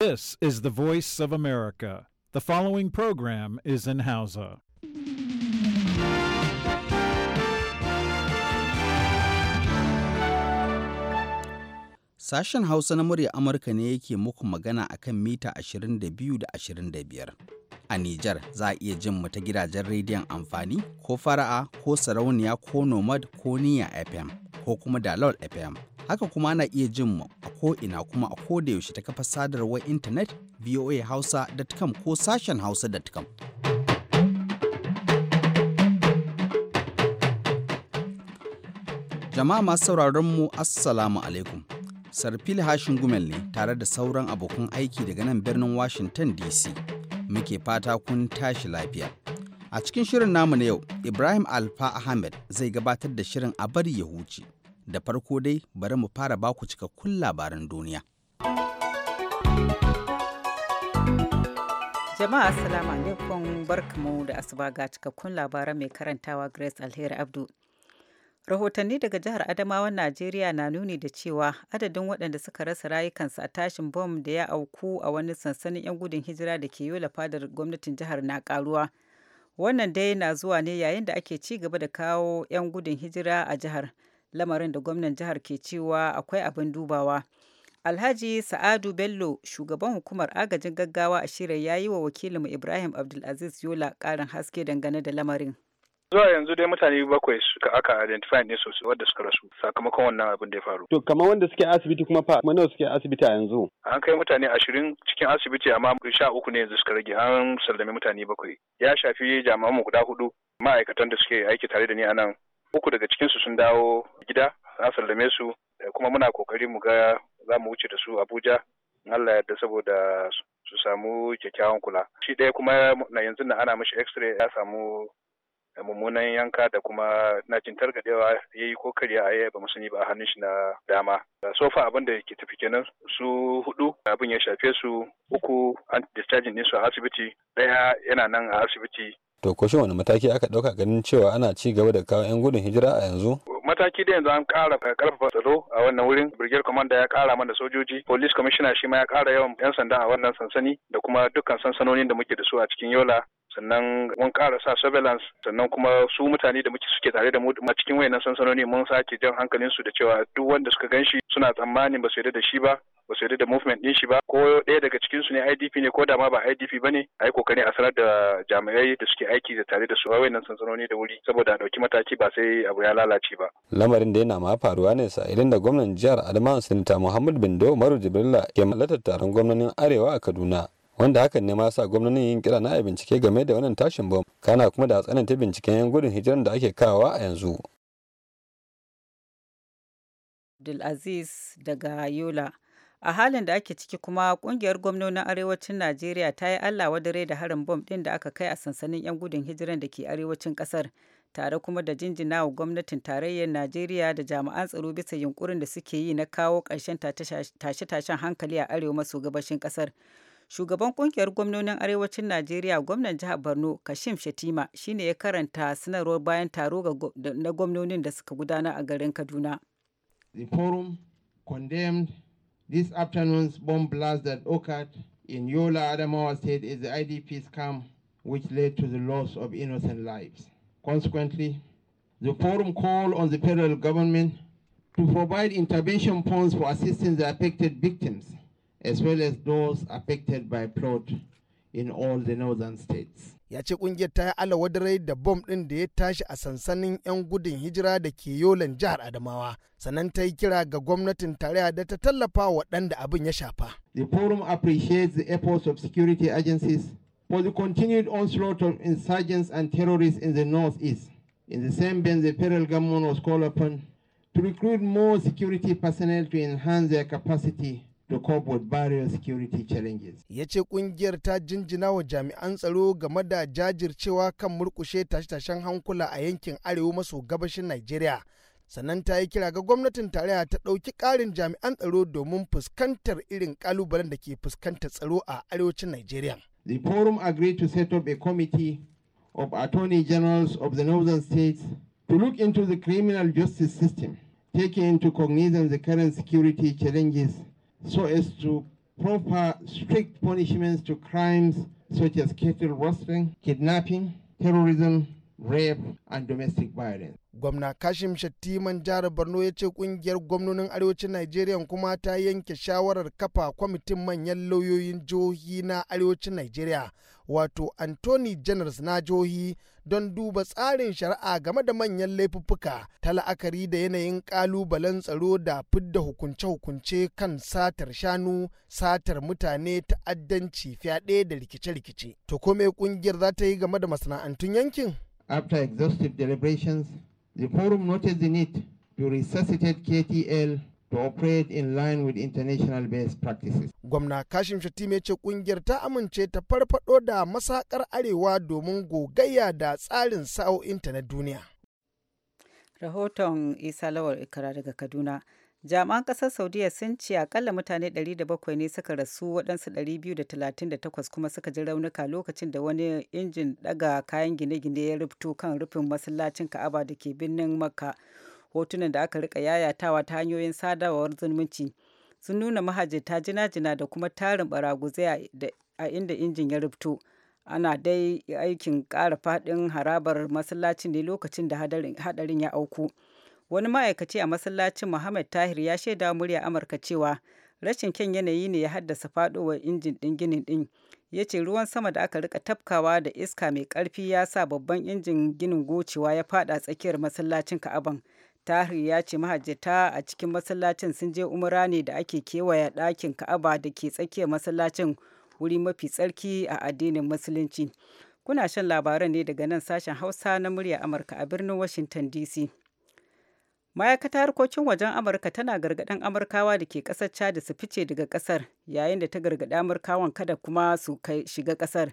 This is the voice of America. The following program is in Hausa. Sashen Hausa na murya Amurka ne yake muku magana a kan mita 22 da 25. A Nijar za a iya jin mu ta gidajen rediyon amfani ko fara'a ko sarauniya ko nomad ko niya FM ko kuma dalol FM. Haka kuma ana iya jin mu a ina kuma a ko da yaushe ta kafa sadarwar intanet voahausa.com ko sashen hausa.com. Jama'a masu sauraron mu Assalamu alaikum. Sarfil Hashin Gumel ne tare da sauran abokan aiki daga nan birnin Washington DC. Muke fata kun tashi lafiya. A cikin shirin namu na yau, Ibrahim Alfa Ahmed zai gabatar da shirin a bari ya huce. da farko dai bari mu fara baku cikakkun labaran duniya. Jama'a Assalamu alaikum barkamu da asuba ga cikakkun labaran mai karantawa Grace Alheri Abdu. Rahotanni daga jihar Adamawan Najeriya na nuni da cewa adadin waɗanda suka rasa rayukansu a tashin bom da ya auku a wani sansanin 'yan gudun hijira da ke yola fadar gwamnatin jihar na karuwa. Wannan dai na zuwa ne yayin da ake ci gaba da kawo 'yan gudun hijira a jihar. lamarin da gwamnan jihar ke cewa akwai abin dubawa alhaji sa'adu bello shugaban hukumar agajin gaggawa a shirya ya yi wa wakilinmu ibrahim abdulaziz yola ƙarin haske dangane da lamarin zuwa yanzu dai mutane bakwai suka aka identify ne sosai wadda suka rasu sakamakon wannan abin da ya faru. To kamar wanda suke asibiti kuma fa mana suke asibiti a yanzu. An kai mutane ashirin cikin asibiti amma sha uku ne yanzu suka rage an sallame mutane bakwai. Ya shafi jami'an mu guda hudu ma'aikatan da suke aiki tare da ni a nan uku daga cikinsu sun dawo gida an sallame su kuma muna kokari mu ga za mu wuce da su abuja allah yarda saboda su samu kyakkyawan kula shi ɗaya kuma na yanzu na ana mashi x-ray ya samu mummunan yanka da kuma na cin targadewa ya yi kokari a ba mu sani ba a hannun shi na dama so far abin da ke tafi kenan su hudu abin ya shafe su uku an discharging din su a asibiti Ɗaya yana nan a asibiti to ko wani mataki aka dauka ganin cewa ana ci gaba da kawo 'yan gudun hijira a yanzu mataki da yanzu an kara karfafa tsaro a wannan wurin brigade commander ya kara mana sojoji police commissioner shi ma ya kara yawan yan sanda a wannan sansani da kuma dukkan sansanonin da muke da su a cikin yola sannan mun kara sa surveillance sannan kuma su mutane da muke suke tare da mu a cikin wayannan sansanoni mun sake jan hankalin su da cewa duk wanda suka ganshi suna tsammanin ba su yarda da shi ba ba su yarda da movement din shi ba ko ɗaya daga cikin su ne IDP ne ko da ma ba IDP ba ne a kokari a sanar da jami'ai da suke aiki da tare da su wayannan sansanoni da wuri saboda dauki mataki ba sai abu ya lalace ba. Lamarin da yana ma faruwa ne idan da gwamnan jihar Adamawa Sinita Muhammad Bindo Maru Jibrilla ke halartar taron gwamnatin Arewa a Kaduna. wanda hakan ne ma sa gwamnatin yin kira na bincike game da wannan tashin bom kana kuma da tsananta binciken yan gudun hijiran da ake kawa a yanzu. Abdulaziz daga Yola. a halin da ake ciki kuma kungiyar gwamnonin arewacin najeriya ta yi allah wadare da harin bom din da aka kai a sansanin 'yan gudun hijiran da ke arewacin kasar tare kuma da jinjina wa gwamnatin tarayyar najeriya da jami'an tsaro bisa yunkurin da suke yi na kawo ƙarshen tashe-tashen hankali a arewa maso gabashin kasar shugaban kungiyar gwamnonin arewacin najeriya gwamnan jihar borno kashim shatima shine ya karanta sanarwar bayan taro na gwamnonin da suka gudana a garin kaduna the forum condemned This afternoon's bomb blast that occurred in Yola, Adamawa State is the IDP scam which led to the loss of innocent lives. Consequently, the forum called on the federal government to provide intervention funds for assisting the affected victims, as well as those affected by plot in all the northern states. ya ce kungiyar ta yi wadarai da bom ɗin da ya tashi a sansanin 'yan gudun hijira da ke yolan jihar adamawa sannan ta yi kira ga gwamnatin tarayya da ta tallafa waɗanda abin ya shafa the forum appreciates the efforts of security agencies for the continued onslaught of insurgents and terrorists in the northeast in the same vein the federal government was called upon to recruit more security personnel to enhance their capacity to cope with various security challenges. Ya ce kungiyar ta jinjina wa jami'an tsaro game da jajircewa kan murkushe tashe-tashen hankula a yankin arewa maso gabashin Najeriya. Sannan ta yi kira ga gwamnatin tarayya ta ɗauki ƙarin jami'an tsaro domin fuskantar irin ƙalubalen da ke fuskantar tsaro a arewacin Najeriya. The forum agreed to set up a committee of attorney generals of the northern states to look into the criminal justice system, taking into cognizance the current security challenges so as to proper strict punishments to crimes such as cattle rustling, kidnapping, terrorism, rape, and domestic violence. Gwamna Kashim Shattiman jihar Borno ya ce kungiyar gwamnonin arewacin Najeriya kuma ta yanke shawarar kafa kwamitin manyan lauyoyin jihohi na arewacin Najeriya, wato Anthony Generals na jihohi don duba tsarin shari'a game da manyan laifuffuka ta la'akari da yanayin ƙalubalen tsaro da fidda hukunce-hukunce kan satar shanu, satar mutane, ta'addanci, fyaɗe da rikice-rikice. To kome ƙungiyar za ta yi game da masana'antun yankin? After exhaustive deliberations, the forum noted the need to resuscitate KTL to operate in line with international best practices. Gwamna Kashim Shattima ya ce kungiyar ta amince ta farfado da masakar arewa domin gogayya da tsarin sa'o'inta na duniya. Rahoton Isa Lawal Ikara daga Kaduna. Jami'an ƙasar Saudiya sun ce akalla mutane 700 ne suka rasu waɗansu 238 kuma suka ji raunuka lokacin da wani injin daga kayan gine-gine ya rubto kan rufin masallacin Ka'aba da ke birnin Makka. hotunan da aka rika yayatawa ta hanyoyin sadawar zumunci sun nuna mahajjata jina-jina da kuma tarin baraguzai a inda injin ya rubto ana dai aikin ƙara faɗin harabar masallacin ne lokacin da hadarin ya auku wani ma'aikaci a masallacin muhammad tahir ya shaida murya amurka cewa rashin kyan yanayi ne ya haddasa faɗowar injin ɗin ginin ɗin ya ce ruwan sama da aka rika tafkawa da iska mai ƙarfi ya sa babban injin ginin gocewa ya faɗa tsakiyar masallacin ka'aban tahir ya ce mahajjata a cikin masallacin sun je umra ne da ake kewaya ɗakin ka'aba da ke tsakiyar masallacin wuri mafi tsarki a addinin musulunci kuna shan labaran ne daga nan sashen hausa na murya amurka a birnin washington dc ma'aikatar harkokin wajen amurka tana gargaɗin amurkawa da ke ƙasar chad su fice daga ƙasar yayin da ta gargaɗi amurkawan kada kuma su kai shiga ƙasar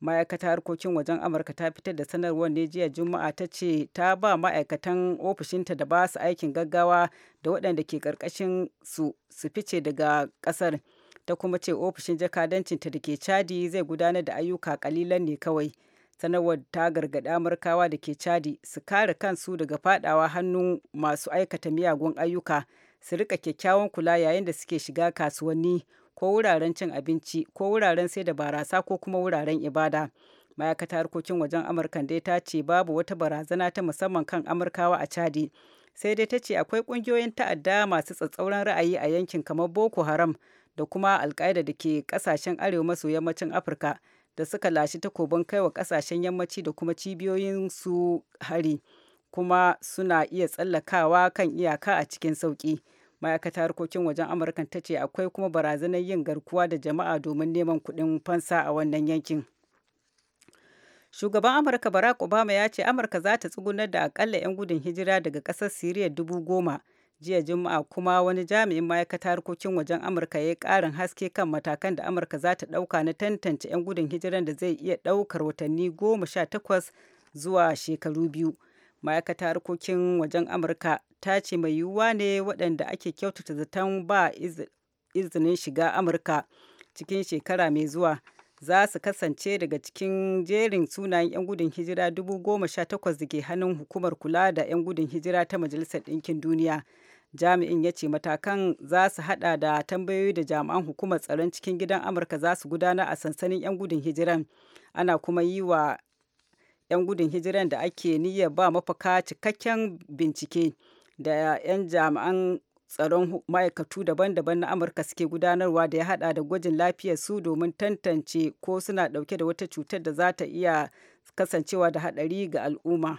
ma'aikata harkokin wajen amurka ta fitar da sanarwar ne jiya juma'a ta ce ta ba ma'aikatan ofishinta da ba su aikin gaggawa da waɗanda ke ƙarƙashin su su fice daga ƙasar ta kuma ce ofishin jakadancinta da ke chadi zai gudanar da ayyuka kalilan ne kawai sanarwar ta gargaɗi amurkawa da ke chadi su kare kansu daga fadawa hannu masu aikata miyagun ayyuka su rika kyakkyawan kula yayin da suke shiga kasuwanni ko wuraren cin abinci ko wuraren sai da barasa ko kuma wuraren ibada ma'aikatar harkokin wajen amurka dai ta ce babu wata barazana ta musamman kan amurkawa a chadi sai dai ta ce akwai kungiyoyin ta'adda masu tsatsauran ra'ayi a yankin kamar boko haram da kuma alkaida da ke kasashen arewa maso yammacin afirka da suka lashe takobin kai wa kasashen yammaci da kuma cibiyoyin su hari kuma suna iya tsallakawa kan iyaka a cikin sauki. ma'aikatar harkokin wajen amurka ta ce akwai kuma barazanar yin garkuwa da jama'a domin neman kuɗin fansa a wannan yankin shugaban amurka barack obama ya ce amurka za ta tsugunar da akalla 'yan gudun hijira daga ƙasar siriya dubu goma jiya juma'a kuma wani jami'in ma'aikatar harkokin wajen amurka ya yi ƙarin haske kan matakan da amurka za ta ɗauka na tantance 'yan gudun hijiran da zai iya ɗaukar watanni goma sha takwas zuwa shekaru biyu ma'aikata harkokin wajen amurka ta ce mai yiwuwa ne waɗanda ake kyautata zaton ba izinin shiga amurka cikin shekara mai zuwa za su kasance daga cikin jerin sunayen 'yan gudun hijira 18,000 da ke hannun hukumar kula da 'yan gudun hijira ta majalisar ɗinkin duniya jami'in ya ce matakan za su hada da tambayoyi da jami'an hukumar tsaron cikin gidan amurka za su gudana a sansanin 'yan gudun hijiran ana kuma yi wa 'yan gudun hijiran da ake niyyar ba mafaka cikakken bincike da 'yan jami'an tsaron ma'aikatu daban-daban na amurka suke gudanarwa da ya hada da gwajin lafiyar su domin tantance ko suna dauke da wata cutar da za ta iya kasancewa da hadari ga al'umma.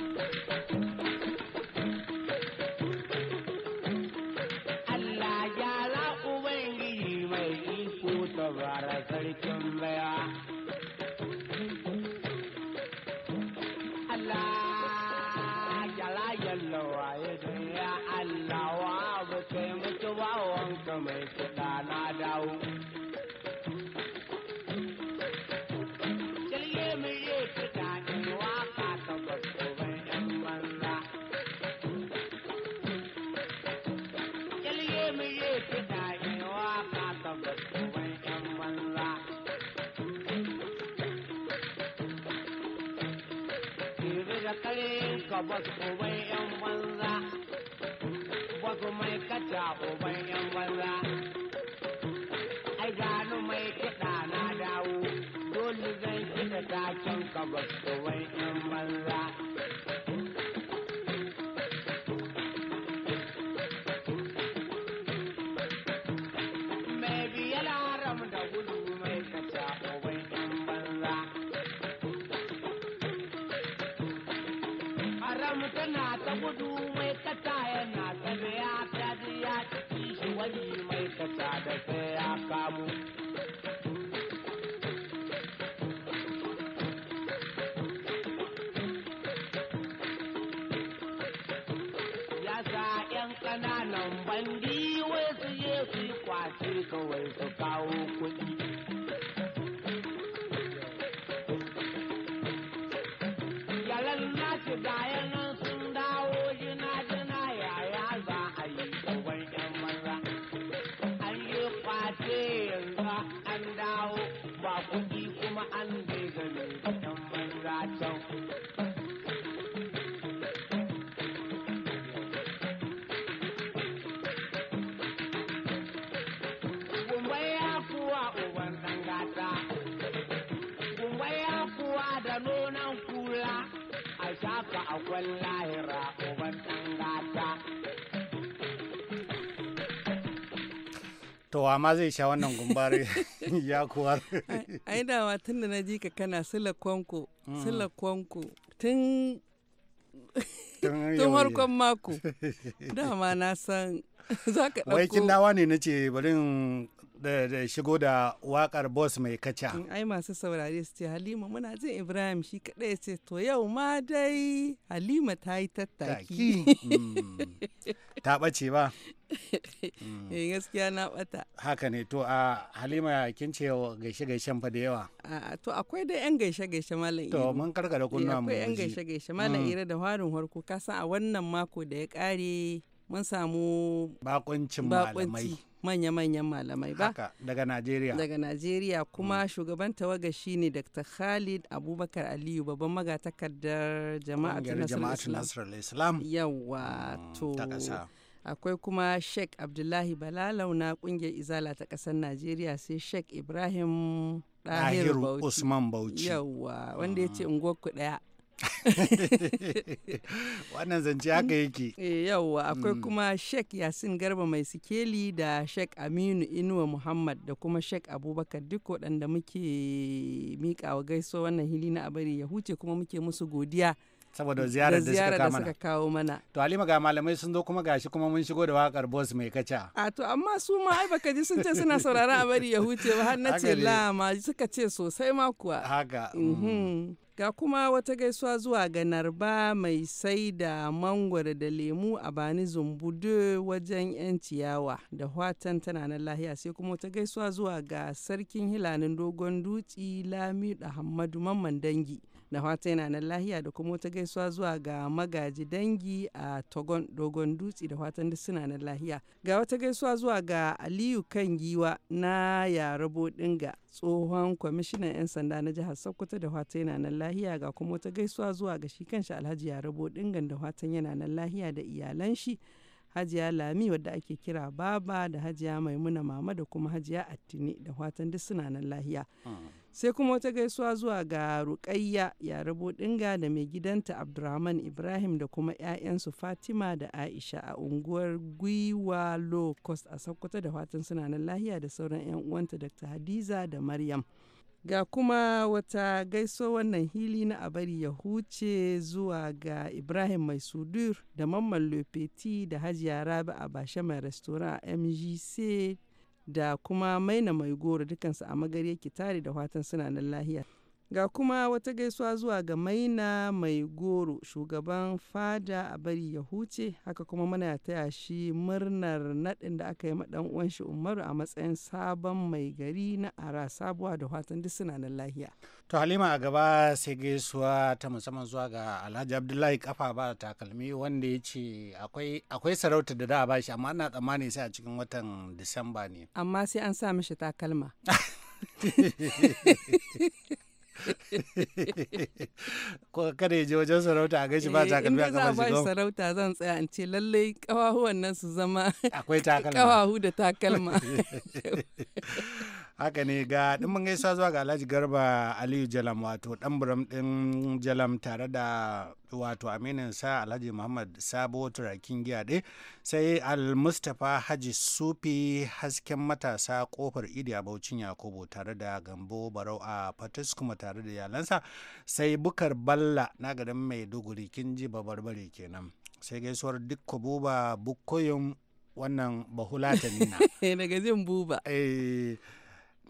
bas uban yan banza bas mai kata uban yan banza ai gano mai kiɗa na dawo dole zan kiɗa ta can ka bas uban tana ta gudu mai kata yana ta ya ta ji ya ciki shi wani mai kasa da sai ya kamu. Ya sa ‘yan ƙananan bandi wai su je su yi kwace kawai su kawo kuɗi. haka akwai lahira uban To amma zai sha wannan gumbari ya kuwa. Ai dama tun da na ji ka kana sila kwanko, mm. sila kwanko tun tun harkon mako dama na san za ka ɗauko wai kin dawa ne na ce bari Eh, da shigo da wakar boss mai kaca. Ai masu saurare su ce Halima muna jin Ibrahim shi kadai ce to yau ma dai Halima ta yi tattaki. Hmm. Ta ɓace ba. Hmm. Eh gaskiya na ɓata. Haka ne to a Halima kin ce gaishe gaishen fa da yawa. To akwai dai yan gaishe gaishe Malam Iro. To mun karkara kunna eh, mu. Akwai yan gaishe gaishe Malam hmm. Iro da warin harko ka san a wannan mako da ya kare. mun samu bakuncin malamai manya-manyan malamai ba Haka, daga najeriya daga najeriya kuma mm. shugaban tawaga ne dr khalid abubakar aliyu babban magatakardar jama'atun nasarar islam yawa mm, to akwai kuma sheikh abdullahi balalau na kungiyar izala ta kasar najeriya sai sheikh ibrahim dahiru usman bauchi yawa wanda ya ce mm. unguwarku ɗaya wannan zance haka yake eh, yauwa akwai mm. kuma shek yasin garba mai sikeli da shek aminu inuwa muhammad da kuma shek abubakar duk waɗanda muke miƙawa gaiso wannan hili na abari ya huce kuma muke musu godiya saboda ziyarar da suka kawo mana kawo mana to halima ga malamai sun zo kuma gashi kuma mun shigo da wakar boss mai kaca a to amma su ma ai baka ji sun ce suna sauraron a bari ya huce ba har na ce la suka ce sosai ma kuwa haka mm. mhm. ga kuma wata gaisuwa zuwa ga narba mai saida da mangwara da lemu a bani zumbude wajen 'yan ciyawa da watan tana na lahiya sai kuma wata gaisuwa zuwa ga sarkin hilanin dogon dutse lamidu Ahmadu mamman dangi da fata yana nan lahiya da kuma wata gaisuwa zuwa ga magaji dangi a togon dogon dutse da fatan duk suna nan lahiya ga wata gaisuwa zuwa ga aliyu kan giwa na yarabo dinga tsohon kwamishinan 'yan sanda na jihar sokoto da fata yana nan lahiya ga kuma wata gaisuwa zuwa ga shi kanshi alhaji yarabo dingan da fatan yana nan lahiya da iyalan shi hajiya lami wadda ake kira baba da hajiya maimuna mama da kuma hajiya attini da fatan duk suna nan lahiya. Ah. sai kuma wata gaisuwa zuwa ga rukayya rabu dinga da mai gidanta abdulrahman ibrahim da kuma 'ya'yansu fatima da aisha a unguwar gwiwa low cost a sokoto da fatan suna nan lahiya da sauran 'yan uwanta dr hadiza da maryam ga kuma wata gaiso wannan hili na abari ya huce zuwa ga ibrahim mai sudur da mamman lopeti da hajiya rabi a bashe mai restoran mgc da kuma maina mai goro dukansu a magarya ki tare da watan suna nan lahiya. Ga kuma wata gaisuwa zuwa ga Maina Mai Goro, shugaban fada a bari ya huce, haka kuma muna taya shi murnar nadin da aka yi ma ɗan shi Umaru a matsayin sabon mai gari na ara sabuwa da fatan duk suna nan lahiya. To Halima a gaba sai gaisuwa ta musamman zuwa ga Alhaji Abdullahi kafa ba takalmi wanda ya ce akwai akwai sarauta da da ba shi amma ana tsammani sai a cikin watan Disamba ne. Amma sai an sa mishi takalma. ko kada je wajen sarauta a gaishe ba eh, takalmi a kamar shi ba sarauta zan tsaya in ce lallai kawahu nan su zama akwai takalma kawahu da takalma haka ne ga mun gaisa zuwa ga alhaji garba aliyu jalam wato dan buram din jalam tare da wato aminin sa alhaji muhammad sabo turakin giyaɗe sai almustapha haji sufi hasken matasa kofar idi a yakubu tare da gambo barau a fatis kuma tare da yalansa sai bukar balla na garin maiduguri kin ji babarbare kenan sai gaisuwar duk buba bukoyin wannan bahulatani nina. buba eh,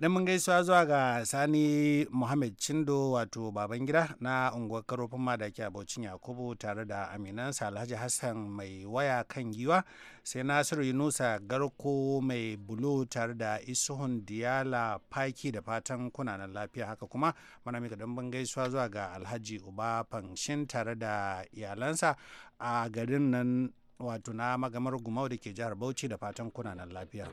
dan mun gaisuwa zuwa ga sani muhammad cindo wato baban gida na unguwar karofin madaki abocin yakubu tare da aminansa alhaji hassan mai waya kan giwa sai nasiru yunusa garko mai bulu tare da isuhun diyala paki da fatan kunanan lafiya haka kuma mana mika dan mun gaisuwa zuwa ga alhaji uba fanshin tare da iyalansa a garin nan wato na magamar gumau da ke jihar bauchi da fatan kunanan lafiya.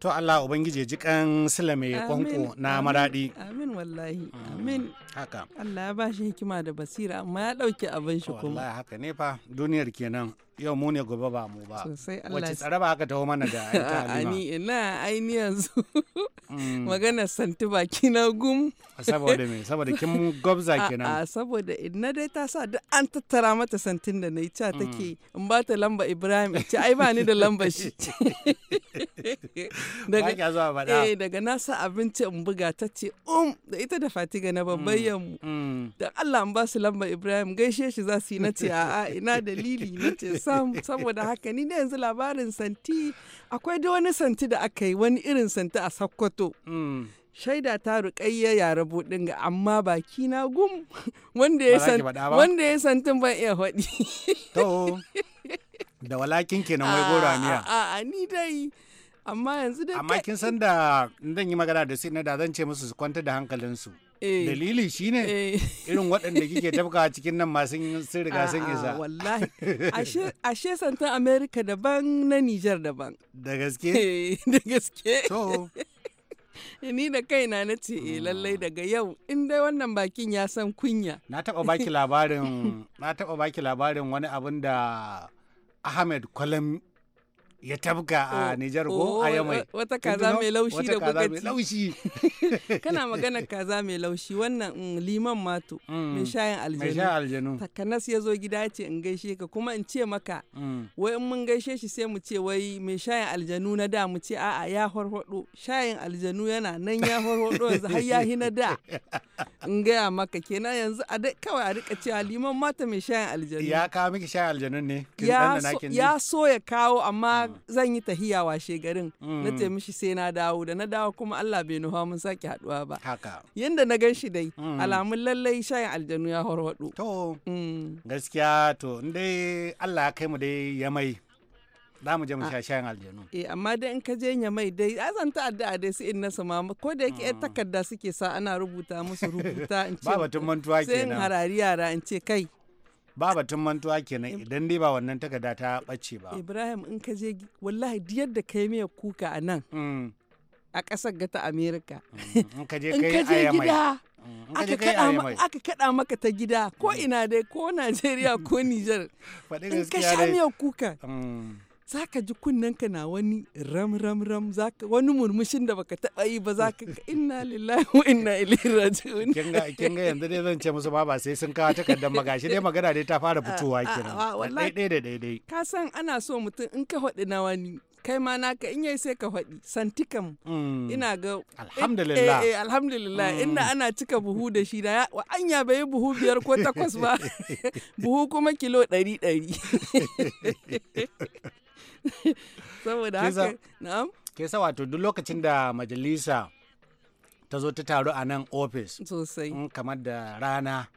to Allah ubangiji ji kan silame kwanko na maradi amin wallahi mm. amin haka Allah ya bashi hikima da basira amma ya dauke abin shi kuma wallahi haka ne fa duniyar kenan yau mu ne gobe ba mu ba sosai Allah wace tsara ba haka taho mana da ani ina ni yanzu mm. magana santi baki na gum saboda me saboda kin gobza kenan a saboda ina dai ta sa duk an tattara mata santin da nayi ta mm. take in ba ta lamba Ibrahim ce ai ba ni da lamba shi daga eh, daga na sa abinci in buga ta ce um da ita da fatiga ga na babbayyan mm, mu mm. da Allah ba su lamba Ibrahim gaishe shi za su yi nace ce a ina dalili nace sam saboda haka ni da yanzu labarin santi akwai da wani santi da aka yi wani irin santi a Sokoto mm. shaida ta ruƙayya ya rabu ga amma baki na gum wanda ya san wanda ya ban iya faɗi to da walakin kenan wai gora miya a a ni dai amma yanzu da amma kin san da zan yi magana da su ne da zan ce musu su kwanta da hankalinsu Eh, dalili shine eh. irin waɗanda kike tafka cikin nan masu sun riga sun isa wallahi ashe santan america daban na niger daban da gaske eh, da gaske So? ni da kaina na ce eh lallai ah. daga yau in dai wannan bakin ya san kunya na taba baki labarin na taba baki labarin wani abin da Ahmed Kwalam ya tabka a oh, Nijar ko oh, a Yamai. Wata kaza mai laushi da kuka ci. laushi. Kana magana kaza mai laushi wannan mm, liman mato mm. mai shayin aljanu. Mai aljanu. Takanas ya zo gida ce in gaishe ka kuma in ce maka mm. wai in mun gaishe shi sai mu ce wai mai shayin aljanu na da mu ce a'a ya horhodo shayin aljanu yana nan ya horhodo yanzu har ya na da. In gaya maka kenan yanzu a kawai a rika cewa liman mata mai shayin aljanu. Ya kawo miki shayin aljanu ne. Ya so ya kawo amma zan yi tahiya washe garin na mm. ce mishi sai na dawo da na dawo kuma Allah bai nufa mun sake haduwa ba haka yanda na gan shi dai mm. alamun lallai shayin aljanu ya horwado to mm. gaskiya to in dai Allah ya kai mu dai yamai. za mu je mu sha shayin aljanu. Eh amma dai in ka je nya mai dai azan ta addu'a dai su in na sama ko da yake takarda suke sa ana rubuta musu rubuta in ce. Ba batun mantuwa kenan. Sai in harari yara in ce kai ba batun mantuwa kenan idan dai ba wannan takarda ta bace ba ibrahim in ka je wallahi yadda ka yi miya kuka a nan mm. a ƙasar ga ta mm, in ka je gida mm, aka kaɗa maka ta gida ko ina dai ko najeriya ko niger in ka sha miya kuka za ka ji kunnenka na wani ram ram ram wani murmushin da baka taɓa yi ba za ka ka inna lillahi wa inna ilaihi raji'un kin ga yanzu dai zan ce musu ba ba sai sun kawo takardar magashi dai magana dai ta fara fitowa kenan dai dai dai ka san ana so mutum in ka faɗi na wani kai ma naka in yayi sai ka faɗi santikam mm. ina ga eh, alhamdulillah eh, eh alhamdulillah mm. ina ana cika buhu da shi da anya bai buhu biyar ko takwas ba buhu kuma kilo ɗari ɗari saboda haka na'am sa wato duk lokacin da majalisa ta zo ta taru a nan ofis sosai mm, kamar da rana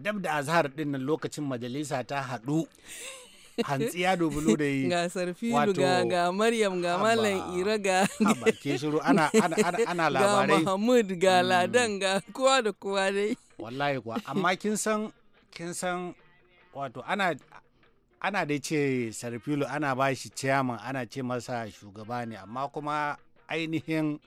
dab da azhar din nan lokacin majalisa ta haɗu hantsiya dubulu da yi ga sarfi ga ga maryam ga malam ira ga ke shiru ana ana labarai ga mahmud ga mm. ladan ga kowa da kowa dai wallahi kuwa amma kin san kin san wato ana ana da ce sarfilo ana ba shi ciyaman ana ce masa shugaba ne amma kuma ainihin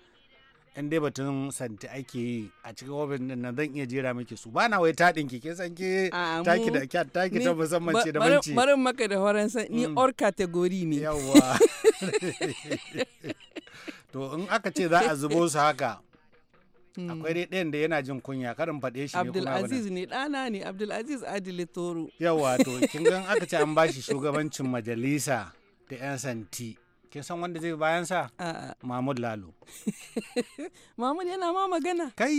in dai batun santi ake yi a cikin wabin nan zan iya jera miki su bana wai ta dinki ke san ke taki da kyat taki ta musamman ce da banci barin maka da horon san ni or mm. category ne yawa to in aka ce za a zubo su haka akwai mm. dai ɗayan da yana jin kunya karin faɗe shi ne kuma Abdulaziz ne ɗana ne Abdulaziz Adile Toro yawa to kin gan aka ce an ba shi shugabancin majalisa da yan santi kin san wanda zai bayan sa Mahmud Lalo Mahmud yana ma magana kai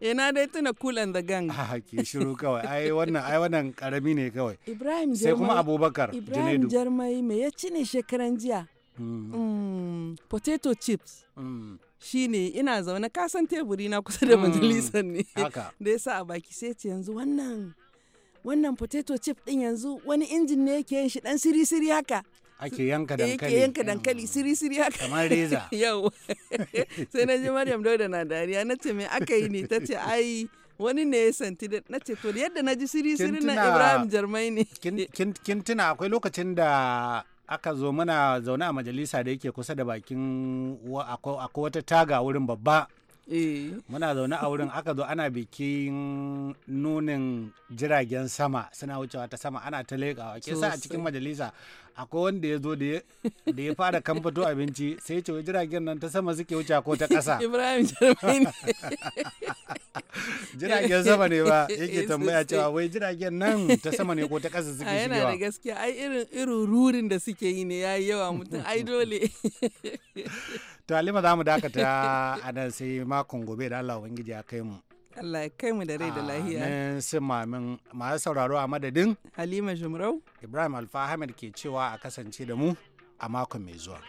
yana dai tuna cool and the gang a ke shiru kawai ai wannan ai wannan karami ne kawai Ibrahim Jarmai sai kuma Abubakar Ibrahim Jarmai me ya ci ne shekaran jiya mm. Mm, potato chips shine ina zaune kasan teburi na kusa da mm. majalisar ne da yasa a baki sai ce yanzu wannan wannan potato chip din yanzu wani injin ne yake yin shi dan siri siri haka ake yanka dankali ake yanka dankali siri siri haka kamar reza yau sai na ji Maryam Dauda na dariya na ce me aka yi ne tace ai wani ne ya santi da na ce to yadda na ji siri siri na Ibrahim Jarmai ne kin tuna akwai lokacin da aka zo muna zaune a majalisa da yake kusa da bakin akwai wata taga wurin babba Eh. muna zaune a wurin aka zo ana bikin nunin jiragen sama suna wucewa ta sama ana ta leƙawa ke sa a cikin majalisa akwai wanda ya zo da ya fara fito abinci sai ya ce jiragen nan ta sama suke wuce ko ta ƙasa ibrahim jiragen sama ne ba yake eh, tambaya cewa wai jiragen nan ta sama ne ko ta ƙasa suke shigewa yana da gaskiya ai irin irin rurin da suke yi ne yayi yawa mutum ai dole to alima za mu dakata a nan sai makon gobe da allah ubangiji ya kai mu Allah ya kai mu da rai da lahiya. Nan sun mamin masu sauraro a madadin. Halima Jumrau. Ibrahim Alfa ke cewa a kasance da mu a makon mai zuwa.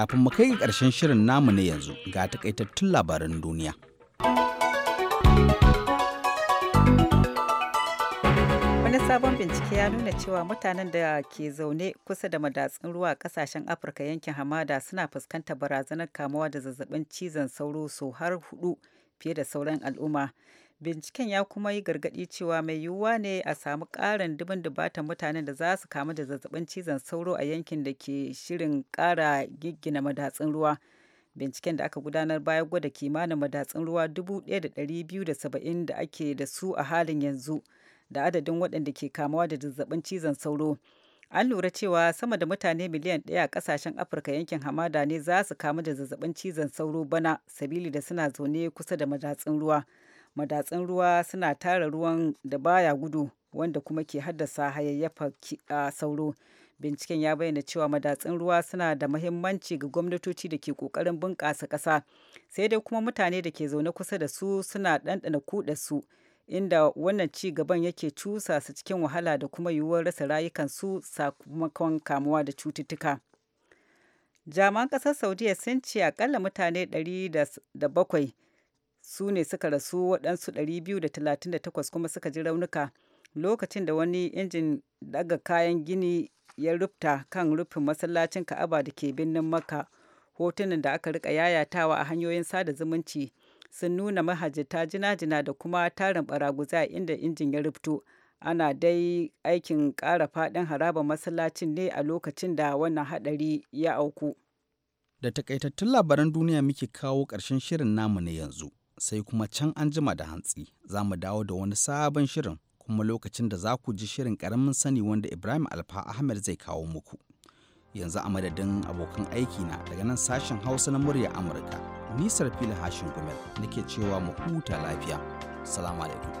kafin mu kai ga ƙarshen shirin namu na yanzu ga takaitattun labaran duniya. Wani sabon bincike ya nuna cewa mutanen da ke zaune kusa da madatsun ruwa a kasashen Afirka yankin hamada suna fuskantar barazanar kamuwa da zazzabin cizon sauro so har hudu fiye da sauran al'umma. Binciken ya kuma yi gargaɗi cewa mai yiwuwa ne a samu ƙarin dubun dubatan mutanen da za su kamu da zazzabin cizon sauro a yankin da ke shirin ƙara giggina madatsun ruwa. Binciken da aka gudanar baya gwada kimanin madatsun ruwa 1,270 da ake da su a halin yanzu da adadin waɗanda ke kamuwa da zazzabin cizon sauro. An lura cewa sama da mutane miliyan ɗaya a ƙasashen Afirka yankin hamada ne za su kamu da zazzabin cizon sauro bana sabili da suna zaune kusa da madatsun ruwa. madatsun ruwa suna tara ruwan da baya gudu wanda kuma ke haddasa hayayyafa sauro binciken ya bayyana cewa madatsun ruwa suna da mahimmanci ga gwamnatoci da ke kokarin bunƙasa ƙasa sai dai kuma mutane da ke zaune kusa da su suna ɗanɗana kuɗa su inda wannan ci gaban yake cusa su cikin wahala da kuma yiwuwar rasa rayukansu sakamakon kamuwa da cututtuka jami'an ƙasar saudiya sun ce akalla mutane 107 su ne suka rasu waɗansu 238 kuma suka ji raunuka lokacin da wani injin daga kayan gini ya rufta kan rufin masallacin ka'aba da ke birnin maka hotunan da aka rika yayatawa a hanyoyin sada zumunci sun nuna mahajjata jina-jina da kuma tarin baraguza inda injin ya rufto ana dai aikin ƙara faɗin harabar masallacin ne a lokacin da wannan haɗari ya auku da takaitattun labaran duniya muke kawo ƙarshen shirin namu na yanzu sai kuma can an jima da hantsi za mu dawo da wani sabon shirin kuma lokacin da za ku ji shirin karamin sani wanda Ibrahim Alfa Ahmed zai kawo muku. Yanzu a madadin abokan aiki na daga nan sashen Hausa na murya Amurka, nisar fili hashin gumel nake cewa mu huta lafiya. Salamu alaikum.